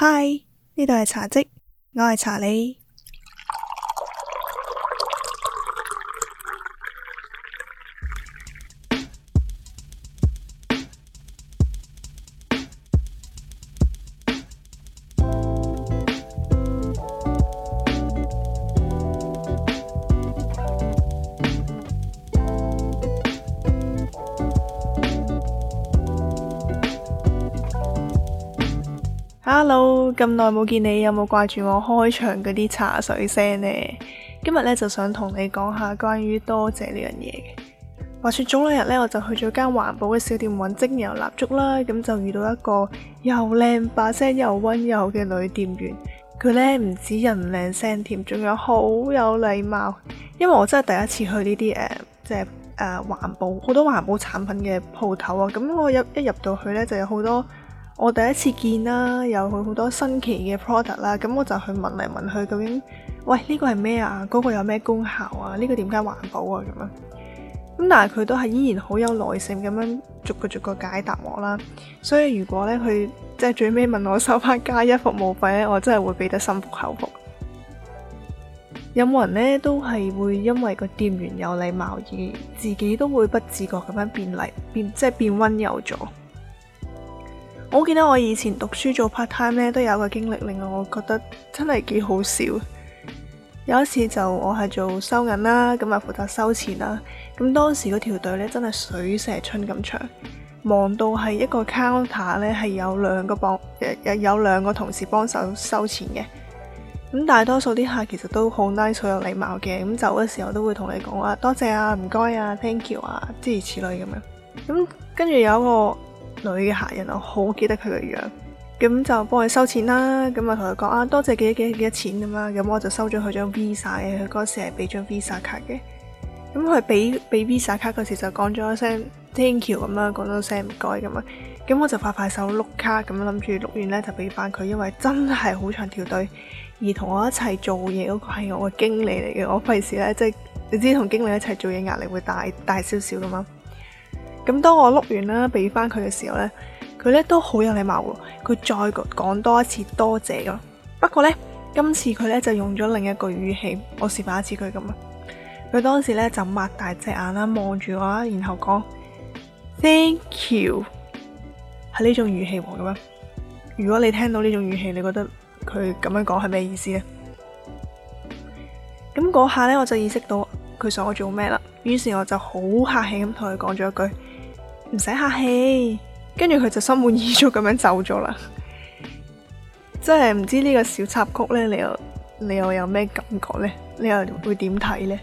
嗨，呢度係茶迹，我係茶你。咁耐冇見你，有冇掛住我開場嗰啲茶水聲呢？今日咧就想同你講下關於多謝呢樣嘢嘅。話說早兩日咧，我就去咗間環保嘅小店揾精油蠟燭啦，咁就遇到一個又靚把聲又温柔嘅女店員。佢咧唔止人靚聲甜，仲有好有禮貌。因為我真係第一次去呢啲誒，即係誒、呃、環保好多環保產品嘅鋪頭啊。咁我入一，一入到去咧，就有好多。我第一次見啦，有佢好多新奇嘅 product 啦，咁我就去問嚟問去，究竟，喂呢個係咩啊？嗰個有咩功效啊？呢個點解環保啊？咁樣，咁但係佢都係依然好有耐性咁樣逐個逐個解答我啦。所以如果咧佢即係最尾問我收翻加一服務費咧，我真係會俾得心服口服。有冇人咧都係會因為個店員有禮貌而自己都會不自覺咁樣變嚟變即係變温柔咗？我見得我以前讀書做 part time 咧，都有個經歷令我覺得真係幾好笑。有一次就我係做收銀啦，咁啊負責收錢啦。咁當時個條隊咧真係水蛇春咁長，忙到係一個 counter 咧係有兩個幫，有有有兩個同事幫手收錢嘅。咁大多數啲客其實都好 nice 有禮貌嘅，咁走嘅時候都會同你講啊多謝啊唔該啊 thank you 啊之如此類咁樣。咁跟住有一個女嘅客人，我好記得佢嘅樣，咁就幫佢收錢啦，咁啊同佢講啊多謝幾幾幾多錢咁啦，咁我就收咗佢張 Visa 嘅，佢嗰時係俾張 Visa 卡嘅，咁佢俾俾 Visa 卡嗰時就講咗一聲 thank you 咁啦，講咗聲唔該咁啊，咁我就快快手碌卡，咁諗住碌完咧就俾翻佢，因為真係好長條隊，而同我一齊做嘢嗰個係我嘅經理嚟嘅，我費事咧，即係你知同經理一齊做嘢壓力會大大少少噶嘛。咁當我碌完啦，俾翻佢嘅時候呢，佢呢都好有禮貌噶，佢再講多一次多謝咯。不過呢，今次佢呢就用咗另一個語氣，我示範一次佢咁啊。佢當時呢就擘大隻眼啦，望住我啦，然後講 Thank you，係呢種語氣喎咁啊。如果你聽到呢種語氣，你覺得佢咁樣講係咩意思呢？咁嗰下呢，我就意識到佢想我做咩啦。於是我就好客氣咁同佢講咗一句。唔使客氣，跟住佢就心滿意足咁樣走咗啦。 真係唔知呢個小插曲呢，你又你又有咩感覺呢？你又會點睇呢？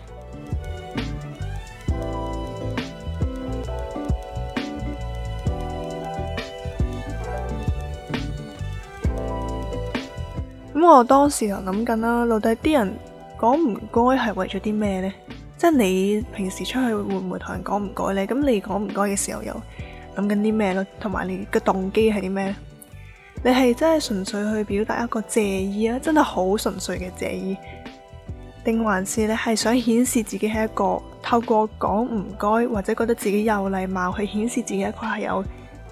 咁 我當時就諗緊啦，到底啲人講唔該係為咗啲咩呢？你平時出去會唔會同人講唔該咧？咁你講唔該嘅時候又諗緊啲咩咧？同埋你嘅動機係啲咩？你係真係純粹去表達一個謝意啊？真係好純粹嘅謝意，定還是你係想顯示自己係一個透過講唔該或者覺得自己有禮貌去顯示自己一個係有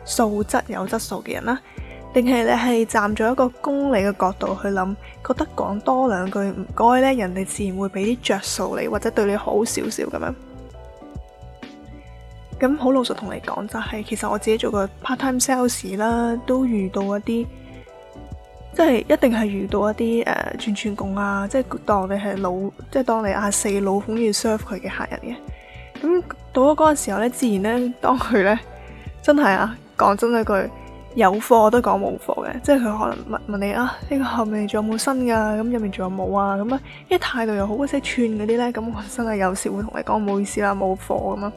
素質有質素嘅人咧？定係你係站咗一個公理嘅角度去諗，覺得講多兩句唔該咧，人哋自然會俾啲着數你，或者對你好少少咁樣。咁好老實同你講就係、是，其實我自己做個 part time sales 啦，都遇到一啲，即係一定係遇到一啲誒、呃、串串共啊，即係當你係老，即係當你阿四老闆要 serve 佢嘅客人嘅。咁到咗嗰個時候咧，自然咧，當佢咧真係啊，講真一句。有貨我都講冇貨嘅，即係佢可能問問你啊，呢個後面仲有冇新㗎？咁入面仲有冇啊？咁啊，因為態度又好，或者串嗰啲呢。咁我真係有時會同你講，唔好意思啦，冇貨咁啊。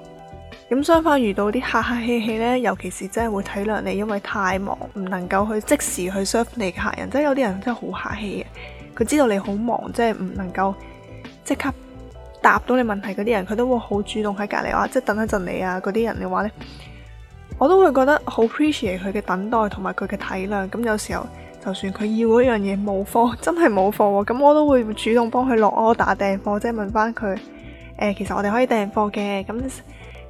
咁相反遇到啲客客氣氣咧，尤其是真係會體諒你，因為太忙唔能夠去即時去 serve 你客人，即係有啲人真係好客氣嘅，佢知道你好忙，即係唔能夠即刻答到你問題嗰啲人，佢都會好主動喺隔離話，即係等一陣你啊嗰啲人嘅話呢。我都會覺得好 appreciate 佢嘅等待同埋佢嘅體諒，咁有時候就算佢要嗰樣嘢冇貨，真係冇貨，咁我都會主動幫佢落 order 訂貨，即係問翻佢，誒，其實我哋可以訂貨嘅，咁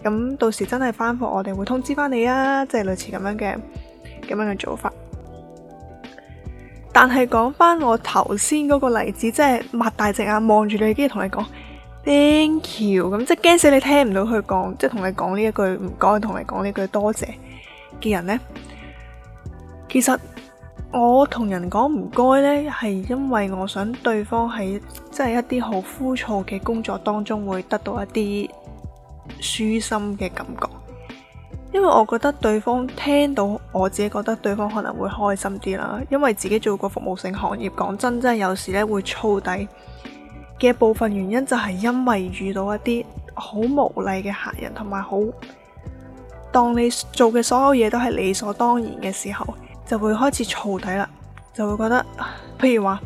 咁到時真係翻貨，我哋會通知翻你啊，即係類似咁樣嘅咁樣嘅做法。但係講翻我頭先嗰個例子，即係擘大隻眼望住你，跟住同你講。Thank you。咁，即係驚死你聽唔到佢講，即係同你講呢一句唔該，同你講呢句多謝嘅人呢。其實我同人講唔該呢，係因為我想對方喺即係一啲好枯燥嘅工作當中會得到一啲舒心嘅感覺。因為我覺得對方聽到我自己覺得對方可能會開心啲啦。因為自己做過服務性行業，講真真係有時咧會燥底。嘅部分原因就係因為遇到一啲好無禮嘅客人，同埋好當你做嘅所有嘢都係理所當然嘅時候，就會開始燥底啦，就會覺得，譬如話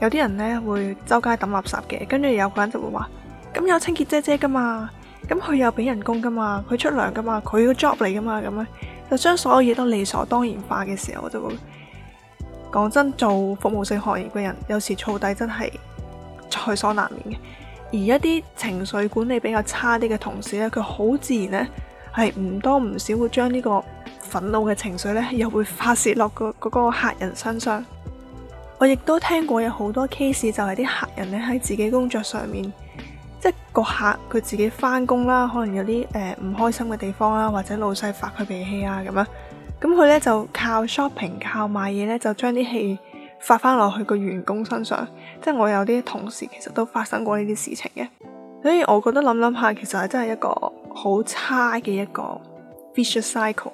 有啲人呢會周街抌垃圾嘅，跟住有個人就會話，咁有清潔姐姐噶嘛，咁佢有俾人工噶嘛，佢出糧噶嘛，佢個 job 嚟噶嘛。咁樣就將所有嘢都理所當然化嘅時候，我就會講真，做服務性行業嘅人有時燥底真係。在所難免嘅，而一啲情緒管理比較差啲嘅同事咧，佢好自然咧，係唔多唔少會將呢個憤怒嘅情緒咧，又會發泄落個嗰個客人身上。我亦都聽過有好多 case，就係啲客人咧喺自己工作上面，即係個客佢自己返工啦，可能有啲誒唔開心嘅地方啦，或者老細發佢脾氣啊咁樣，咁佢咧就靠 shopping，靠買嘢咧就將啲氣，發翻落去個員工身上，即係我有啲同事其實都發生過呢啲事情嘅，所以我覺得諗諗下，其實係真係一個好差嘅一個 vicious cycle，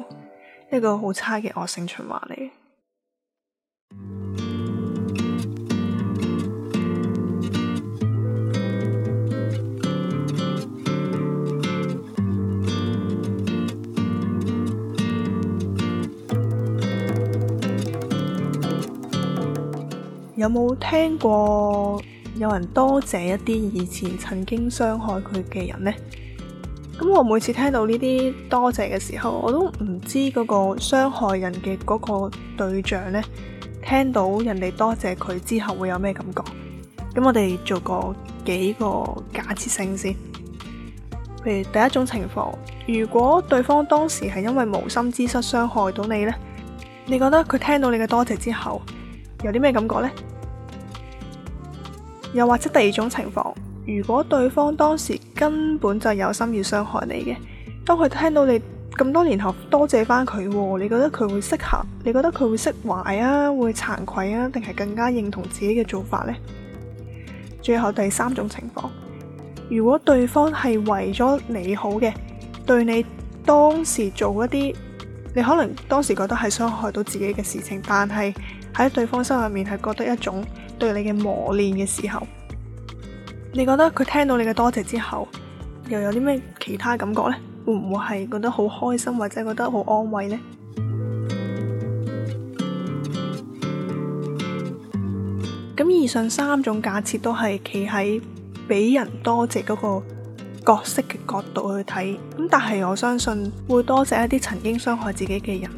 一個好差嘅惡性循環嚟嘅。有冇聽過有人多謝一啲以前曾經傷害佢嘅人呢？咁我每次聽到呢啲多謝嘅時候，我都唔知嗰個傷害人嘅嗰個對象呢，聽到人哋多謝佢之後會有咩感覺？咁我哋做個幾個假設性先，譬如第一種情況，如果對方當時係因為無心之失傷害到你呢，你覺得佢聽到你嘅多謝之後，有啲咩感覺呢？又或者第二種情況，如果對方當時根本就有心要傷害你嘅，當佢聽到你咁多年後多謝翻佢，你覺得佢會適合？你覺得佢會釋懷啊？會慚愧啊？定係更加認同自己嘅做法呢？最後第三種情況，如果對方係為咗你好嘅，對你當時做一啲你可能當時覺得係傷害到自己嘅事情，但係喺對方心入面係覺得一種。對你嘅磨練嘅時候，你覺得佢聽到你嘅多謝之後，又有啲咩其他感覺呢？會唔會係覺得好開心，或者覺得好安慰呢？咁以上三種假設都係企喺俾人多謝嗰個角色嘅角度去睇。咁但係我相信會多謝一啲曾經傷害自己嘅人。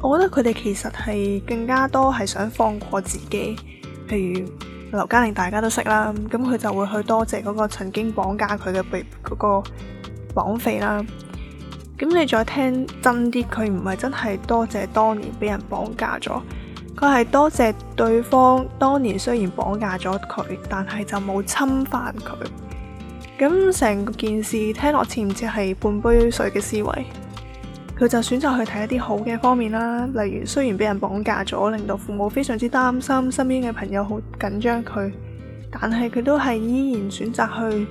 我覺得佢哋其實係更加多係想放過自己。譬如劉嘉玲大家都識啦，咁佢就會去多謝嗰個曾經綁架佢嘅被嗰個綁匪啦。咁你再聽真啲，佢唔係真係多謝當年俾人綁架咗，佢係多謝對方當年雖然綁架咗佢，但係就冇侵犯佢。咁成件事聽落，似唔似係半杯水嘅思維？佢就選擇去睇一啲好嘅方面啦，例如雖然俾人綁架咗，令到父母非常之擔心，身邊嘅朋友好緊張佢，但係佢都係依然選擇去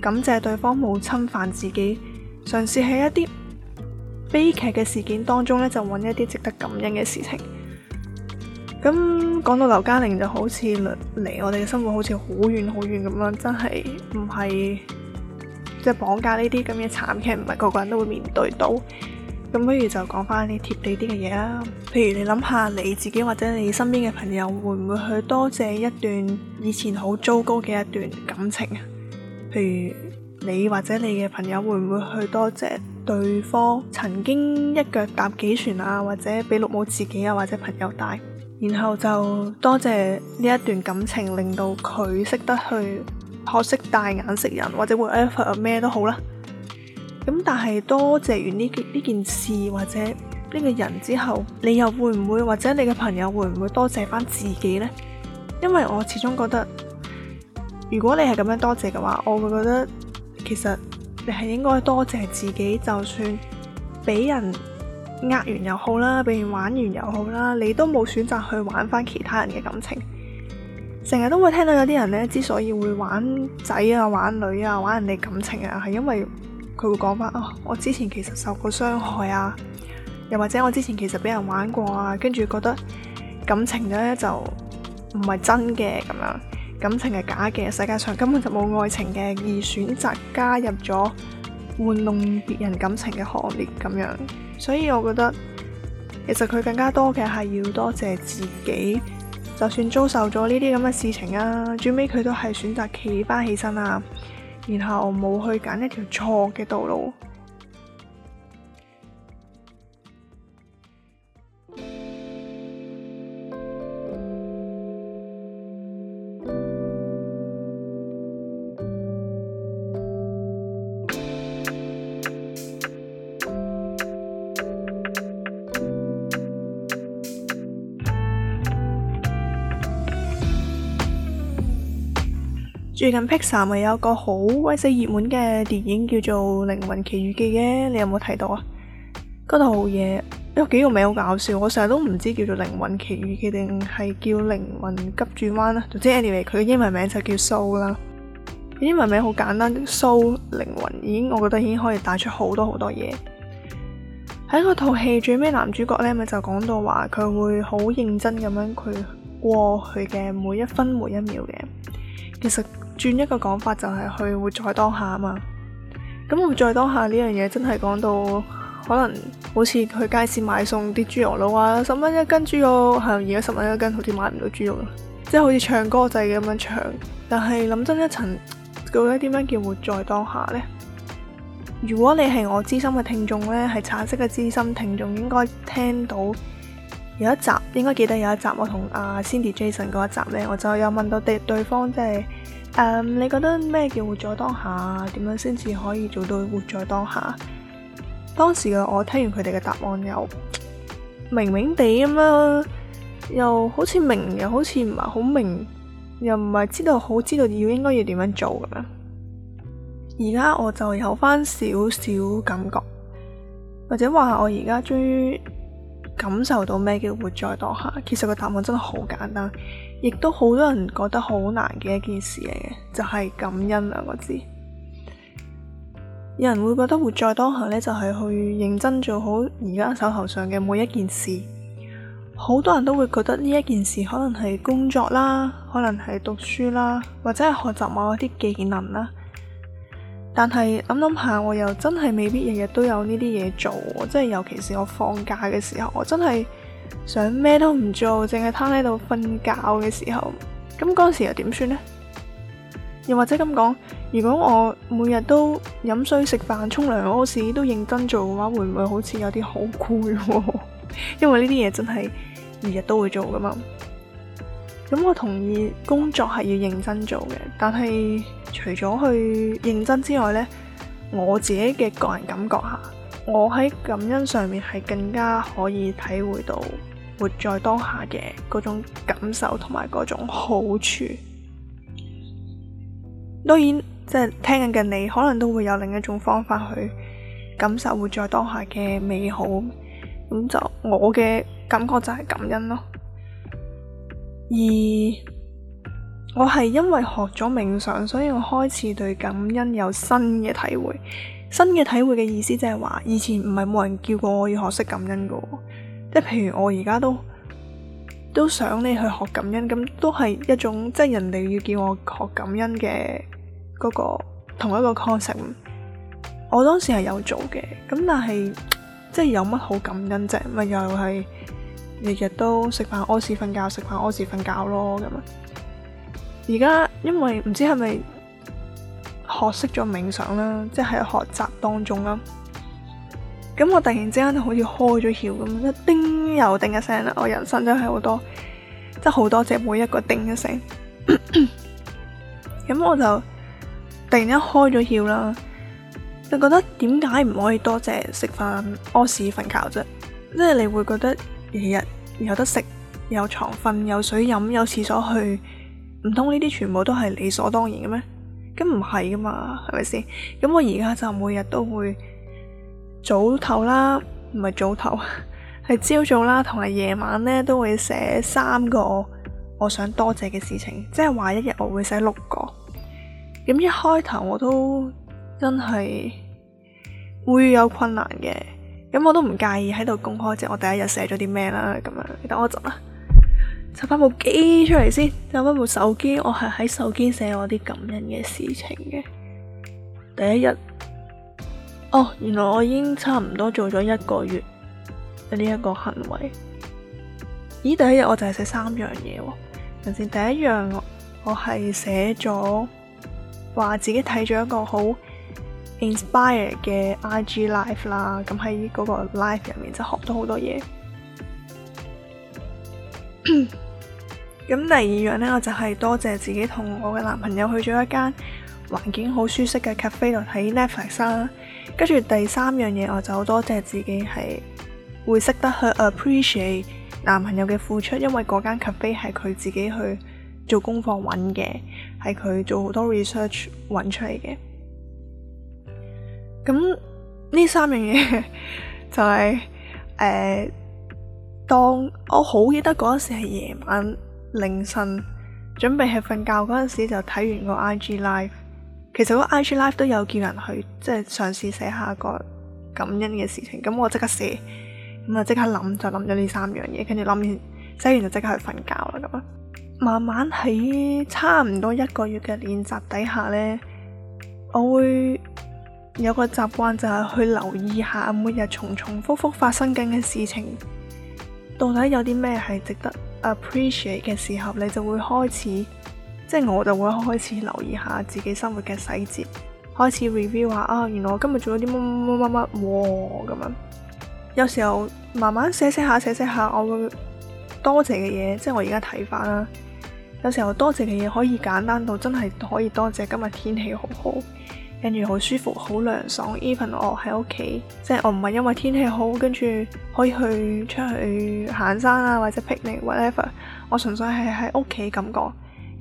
感謝對方冇侵犯自己。嘗試喺一啲悲劇嘅事件當中咧，就揾一啲值得感恩嘅事情。咁講到劉嘉玲就好似離我哋嘅生活好似好遠好遠咁樣，真係唔係即係綁架呢啲咁嘅慘劇，唔係個個人都會面對到。咁不如就講翻啲貼地啲嘅嘢啦，譬如你諗下你自己或者你身邊嘅朋友會唔會去多謝一段以前好糟糕嘅一段感情啊？譬如你或者你嘅朋友會唔會去多謝對方曾經一腳踏幾船啊？或者俾綠帽自己啊或者朋友戴，然後就多謝呢一段感情令到佢識得去學識帶眼識人或者會 whatever 咩都好啦。咁但係多謝完呢件呢件事或者呢個人之後，你又會唔會或者你嘅朋友會唔會多謝翻自己呢？因為我始終覺得，如果你係咁樣多謝嘅話，我會覺得其實你係應該多謝自己。就算俾人呃完又好啦，俾人玩完又好啦，你都冇選擇去玩翻其他人嘅感情。成日都會聽到有啲人呢，之所以會玩仔啊、玩女啊、玩人哋感情啊，係因為。佢會講翻啊，我之前其實受過傷害啊，又或者我之前其實俾人玩過啊，跟住覺得感情咧就唔係真嘅咁樣，感情係假嘅，世界上根本就冇愛情嘅，而選擇加入咗玩弄別人感情嘅行列咁樣。所以我覺得，其實佢更加多嘅係要多謝自己，就算遭受咗呢啲咁嘅事情啊，最尾佢都係選擇企翻起身啊。然後冇去揀一條錯嘅道路。最近 Pixar 咪有個好鬼死熱門嘅電影叫做《靈魂奇遇記》嘅，你有冇睇到啊？嗰套嘢有幾個名好搞笑，我成日都唔知叫做《靈魂奇遇記》定係叫《靈魂急轉彎》啦。總之，Anyway，佢嘅英文名就叫 Soul 啦。英文名好簡單，Soul 靈魂已經，我覺得已經可以帶出好多好多嘢。喺嗰套戲最尾男主角咧咪就講到話，佢會好認真咁樣佢過去嘅每一分每一秒嘅，其實。轉一個講法就係去活在當下啊嘛，咁活在當下呢樣嘢真係講到可能好似去街市買餸啲豬肉佬啊，十蚊一斤豬肉，係而家十蚊一斤？好似買唔到豬肉即係好似唱歌仔咁樣唱。但係諗真一層，究竟點樣叫活在當下呢？如果你係我知心嘅聽眾呢，係橙色嘅知心聽眾，應該聽到有一集應該記得有一集我同阿 Cindy Jason 嗰一集呢，我就有問到對對方即係。Um, 你覺得咩叫活在當下？點樣先至可以做到活在當下？當時嘅我聽完佢哋嘅答案又明明地咁樣，又好似明，又好似唔係好明，又唔係知道好知道要應該要點樣做咁啊！而家我就有翻少少感覺，或者話我而家終於～感受到咩叫活在當下。其實個答案真係好簡單，亦都好多人覺得好難嘅一件事嚟嘅，就係感恩兩個字。有人會覺得活在當下咧，就係去認真做好而家手頭上嘅每一件事。好多人都會覺得呢一件事可能係工作啦，可能係讀書啦，或者係學習某一啲技能啦。但係諗諗下，我又真係未必日日都有呢啲嘢做，即係尤其是我放假嘅時候，我真係想咩都唔做，淨係攤喺度瞓覺嘅時候，咁嗰時又點算呢？又或者咁講，如果我每日都飲水、食飯、沖涼、屙屎都認真做嘅話，會唔會好似有啲好攰？ 因為呢啲嘢真係日日都會做噶嘛。咁我同意工作係要認真做嘅，但係。除咗去認真之外呢，我自己嘅個人感覺下，我喺感恩上面係更加可以體會到活在當下嘅嗰種感受同埋嗰種好處。當然，即係聽緊嘅你可能都會有另一種方法去感受活在當下嘅美好。咁就我嘅感覺就係感恩咯，而。我係因為學咗冥想，所以我開始對感恩有新嘅體會。新嘅體會嘅意思就係話，以前唔係冇人叫過我要學識感恩噶。即係譬如我而家都都想你去學感恩，咁都係一種即係人哋要叫我學感恩嘅嗰個同一個 concept。我當時係有做嘅，咁但係即係有乜好感恩啫？咪又係日日都食飯屙屎瞓覺，食飯屙屎瞓覺咯咁啊！而家因為唔知係咪學識咗冥想啦，即係學習當中啦。咁我突然之間就好似開咗竅咁，一叮又叮一聲啦。我人生真係好多，即係好多謝每一個叮一聲。咁咳咳我就突然間開咗竅啦，就覺得點解唔可以多謝食飯屙屎瞓覺啫？即係你會覺得日日有得食、有床瞓、有水飲、有廁所去。唔通呢啲全部都係理所當然嘅咩？咁唔係噶嘛，係咪先？咁我而家就每日都會早唞啦，唔係早唞，係 朝早啦，同埋夜晚咧都會寫三個我想多謝嘅事情，即係話一日我會寫六個。咁一開頭我都真係會有困難嘅，咁我都唔介意喺度公開即係我第一日寫咗啲咩啦，咁樣。等我一陣啦。執翻部機出嚟先，執翻部手機，我係喺手機寫我啲感恩嘅事情嘅。第一日，哦，原來我已經差唔多做咗一個月呢一個行為。咦，第一日我就係寫三樣嘢喎、哦。頭先第一樣我，我係寫咗話自己睇咗一個好 inspire 嘅 IG live 啦，咁喺嗰個 live 入面就學到好多嘢。 咁第二樣呢，我就係多謝自己同我嘅男朋友去咗一間環境好舒適嘅 cafe 度睇 Netflix 啦、啊。跟住第三樣嘢，我就好多謝自己係會識得去 appreciate 男朋友嘅付出，因為嗰間 cafe 係佢自己去做功課揾嘅，係佢做好多 research 揾出嚟嘅。咁呢三樣嘢就係、是、誒、呃，當我好記得嗰時係夜晚。凌晨準備去瞓覺嗰陣時，就睇完個 IG live。其實個 IG live 都有叫人去即係、就是、嘗試寫下個感恩嘅事情。咁我即刻寫，咁啊即刻諗就諗咗呢三樣嘢，跟住諗完寫完就即刻去瞓覺啦。咁啊，慢慢喺差唔多一個月嘅練習底下呢，我會有個習慣就係去留意下每日重重複復發生緊嘅事情，到底有啲咩係值得 appreciate 嘅時候，你就會開始，即係我就會開始留意下自己生活嘅細節，開始 review 下啊，原來我今日做咗啲乜乜乜乜乜，咁樣。有時候慢慢寫寫下寫寫下，我會多謝嘅嘢，即係我而家睇返啦。有時候多謝嘅嘢可以簡單到真係可以多謝今日天氣好好。跟住好舒服，好涼爽。Even 我喺屋企，即係我唔係因為天氣好，跟住可以去出去行山啊，或者 picnic whatever。我純粹係喺屋企感覺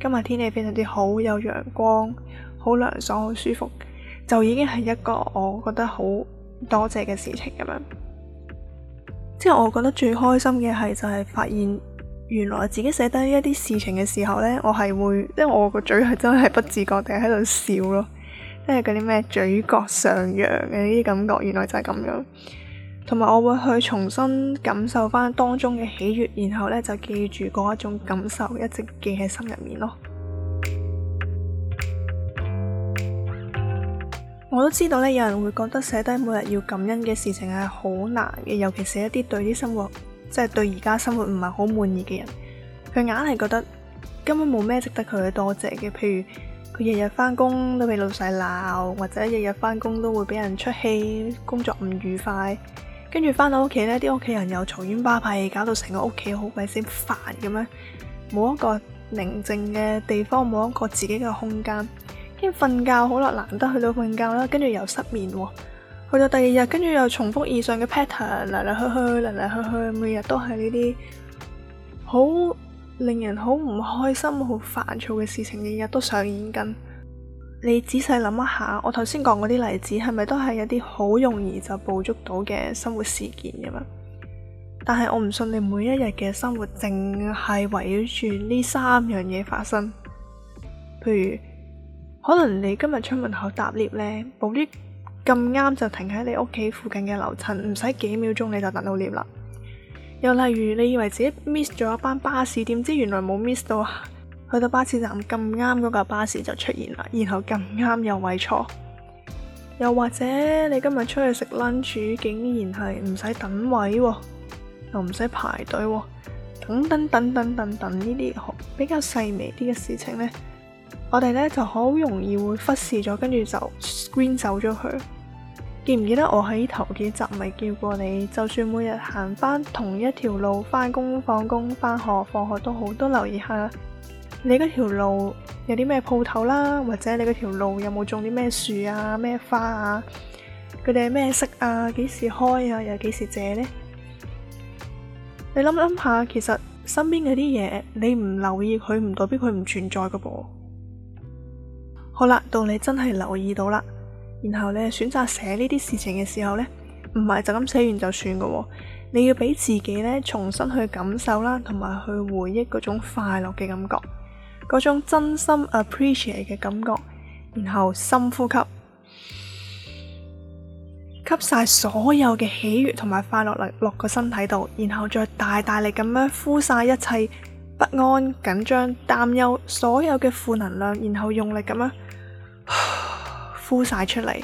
今日天，天氣非常之好，有陽光，好涼爽，好舒服，就已經係一個我覺得好多謝嘅事情咁樣。即係我覺得最開心嘅係就係發現原來自己寫低一啲事情嘅時候呢，我係會，因為我個嘴係真係不自覺地喺度笑咯。即係嗰啲咩嘴角上揚嘅呢啲感覺，原來就係咁樣。同埋我會去重新感受翻當中嘅喜悅，然後呢就記住嗰一種感受，一直記喺心入面咯。 我都知道呢，有人會覺得寫低每日要感恩嘅事情係好難嘅，尤其寫一啲對啲生活，即係對而家生活唔係好滿意嘅人，佢硬係覺得根本冇咩值得佢多謝嘅，譬如。佢日日翻工都俾老細鬧，或者日日翻工都會俾人出氣，工作唔愉快，跟住翻到屋企咧，啲屋企人又嘈冤巴閉，搞到成個屋企好鬼死煩。咁樣，冇一個寧靜嘅地方，冇一個自己嘅空間，跟住瞓覺好啦，難得去到瞓覺啦，跟住又失眠喎。去到第二日，跟住又重複以上嘅 pattern，嚟嚟去去，嚟嚟去去，每日都係呢啲好。令人好唔開心、好煩躁嘅事情日日都上演緊。你仔細諗一下，我頭先講嗰啲例子，係咪都係一啲好容易就捕捉到嘅生活事件咁啊？但係我唔信你每一日嘅生活，淨係圍繞住呢三樣嘢發生。譬如，可能你今日出門口搭 𨋢 咧，部 𨋢 咁啱就停喺你屋企附近嘅樓層，唔使幾秒鐘你就搭到 𨋢 啦。又例如，你以為自己 miss 咗一班巴士，點知原來冇 miss 到，啊。去到巴士站咁啱嗰架巴士就出現啦，然後咁啱有位坐。又或者你今日出去食 lunch，竟然係唔使等位，又唔使排隊，等等等等等等呢啲比較細微啲嘅事情呢，我哋呢就好容易會忽視咗，跟住就 screen 走咗佢。記唔記得我喺頭幾集咪叫過你？就算每日行返同一條路，返工放工返學放學，都好都留意下你嗰條路有啲咩鋪頭啦，或者你嗰條路有冇種啲咩樹啊、咩花啊，佢哋係咩色啊、幾時開啊、又幾時謝呢？你諗諗下，其實身邊嗰啲嘢，你唔留意佢，唔代表佢唔存在噶噃。好啦，到你真係留意到啦。然後你選擇寫呢啲事情嘅時候呢，唔係就咁寫完就算噶，哦，你要俾自己咧，重新去感受啦，同埋去回憶嗰種快樂嘅感覺，嗰種真心 appreciate 嘅感覺，然後深呼吸，吸晒所有嘅喜悅同埋快樂嚟落個身體度，然後再大大力咁樣呼晒一切不安、緊張、擔憂，所有嘅負能量，然後用力咁樣。敷晒出嚟，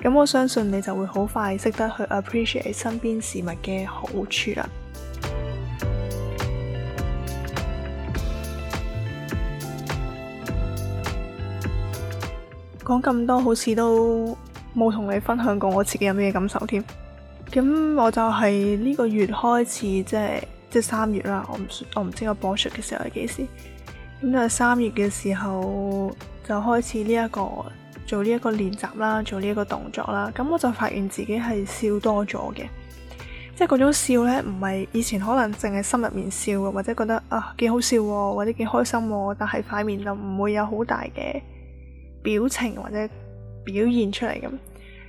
咁我相信你就會好快識得去 appreciate 身邊事物嘅好處啦。講咁 多好似都冇同你分享過我自己有咩感受添。咁我就係呢個月開始，即係即係三月啦。我唔我唔知我播出嘅時候係幾時。咁就係三月嘅時候就開始呢、這、一個。做呢一個練習啦，做呢一個動作啦，咁我就發現自己係笑多咗嘅，即係嗰種笑咧，唔係以前可能淨係心入面笑，或者覺得啊幾好笑，或者幾開心，但係塊面就唔會有好大嘅表情或者表現出嚟咁。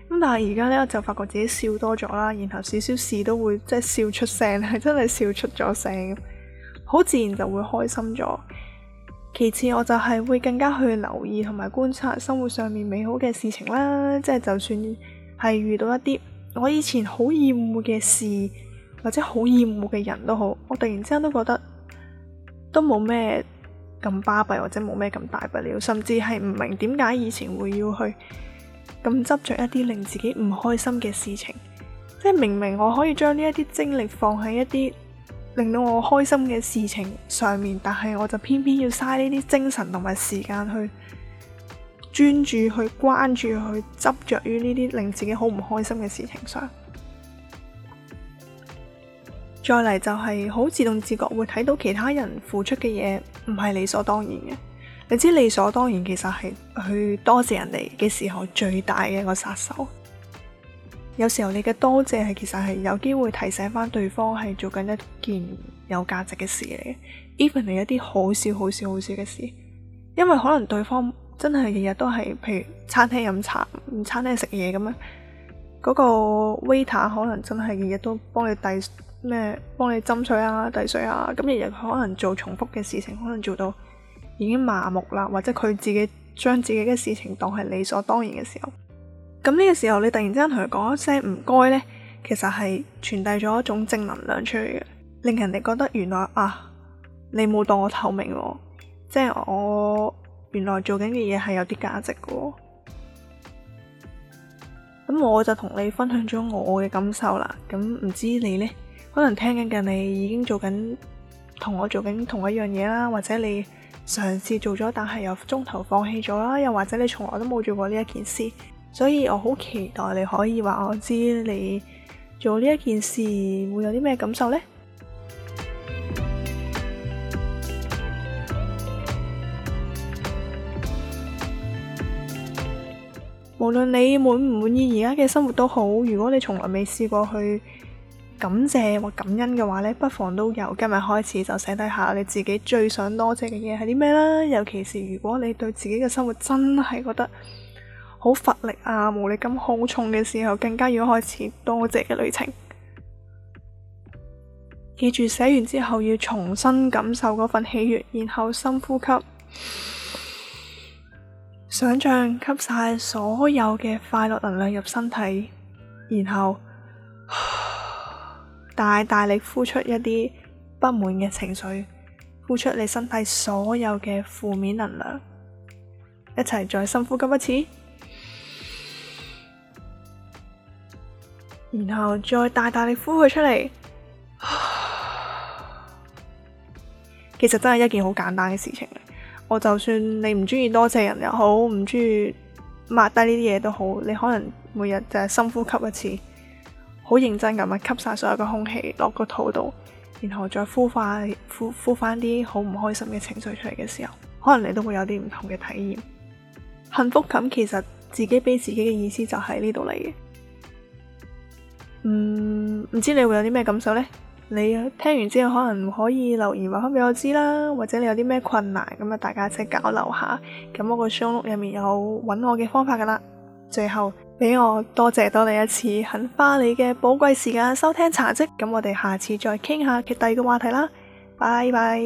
咁但係而家咧，我就發覺自己笑多咗啦，然後少少事都會即係笑出聲，係真係笑出咗聲，好自然就會開心咗。其次，我就係會更加去留意同埋觀察生活上面美好嘅事情啦，即係就算係遇到一啲我以前好厭惡嘅事，或者好厭惡嘅人都好，我突然之間都覺得都冇咩咁巴閉，或者冇咩咁大不了，甚至係唔明點解以前會要去咁執着一啲令自己唔開心嘅事情，即係明明我可以將呢一啲精力放喺一啲令到我開心嘅事情上面，但係我就偏偏要嘥呢啲精神同埋時間去專注、去關注、去執着於呢啲令自己好唔開心嘅事情上。再嚟就係好自動自覺，會睇到其他人付出嘅嘢唔係理所當然嘅。你知理所當然其實係去多謝人哋嘅時候最大嘅一個殺手。有時候你嘅多謝係其實係有機會提醒翻對方係做緊一件有價值嘅事嚟嘅，even 係一啲好少好少好少嘅事，因為可能對方真係日日都係譬如餐廳飲茶、餐廳食嘢咁啊，嗰個 waiter 可能真係日日都幫你遞咩、幫你斟水啊、遞水啊，咁日日可能做重複嘅事情，可能做到已經麻木啦，或者佢自己將自己嘅事情當係理所當然嘅時候。咁呢個時候，你突然之間同佢講一聲唔該呢，其實係傳遞咗一種正能量出去嘅，令人哋覺得原來啊，你冇當我透明咯，即係我原來做緊嘅嘢係有啲價值噶。咁我就同你分享咗我嘅感受啦。咁唔知你呢，可能聽緊嘅你已經做緊同我做緊同一樣嘢啦，或者你嘗試做咗，但係又中途放棄咗啦，又或者你從來都冇做過呢一件事。所以我好期待你可以話我知你做呢一件事會有啲咩感受呢？ 無論你滿唔滿意而家嘅生活都好，如果你從來未試過去感謝或感恩嘅話呢，不妨都由今日開始就寫低下你自己最想多謝嘅嘢係啲咩啦。尤其是如果你對自己嘅生活真係覺得，好乏力啊，無力感好重嘅時候，更加要開始多謝嘅旅程。記住寫完之後要重新感受嗰份喜悅，然後深呼吸，想象吸晒所有嘅快樂能量入身體，然後大大力呼出一啲不滿嘅情緒，呼出你身體所有嘅負面能量，一齊再深呼吸一次。然後再大大力呼佢出嚟，其實真係一件好簡單嘅事情。我就算你唔中意多謝人又好，唔中意抹低呢啲嘢都好，你可能每日就係深呼吸一次，好認真咁樣吸晒所有嘅空氣落個肚度，然後再呼翻呼呼翻啲好唔開心嘅情緒出嚟嘅時候，可能你都會有啲唔同嘅體驗。幸福感其實自己俾自己嘅意思就喺呢度嚟嘅。嗯，唔知你會有啲咩感受呢？你聽完之後可能可以留言話返俾我知啦，或者你有啲咩困難，咁啊大家一齊交流下。咁我個商碌入面有揾我嘅方法噶啦。最後俾我多謝多你一次，肯花你嘅寶貴時間收聽茶汁。咁我哋下次再傾下嘅第二個話題啦。拜拜。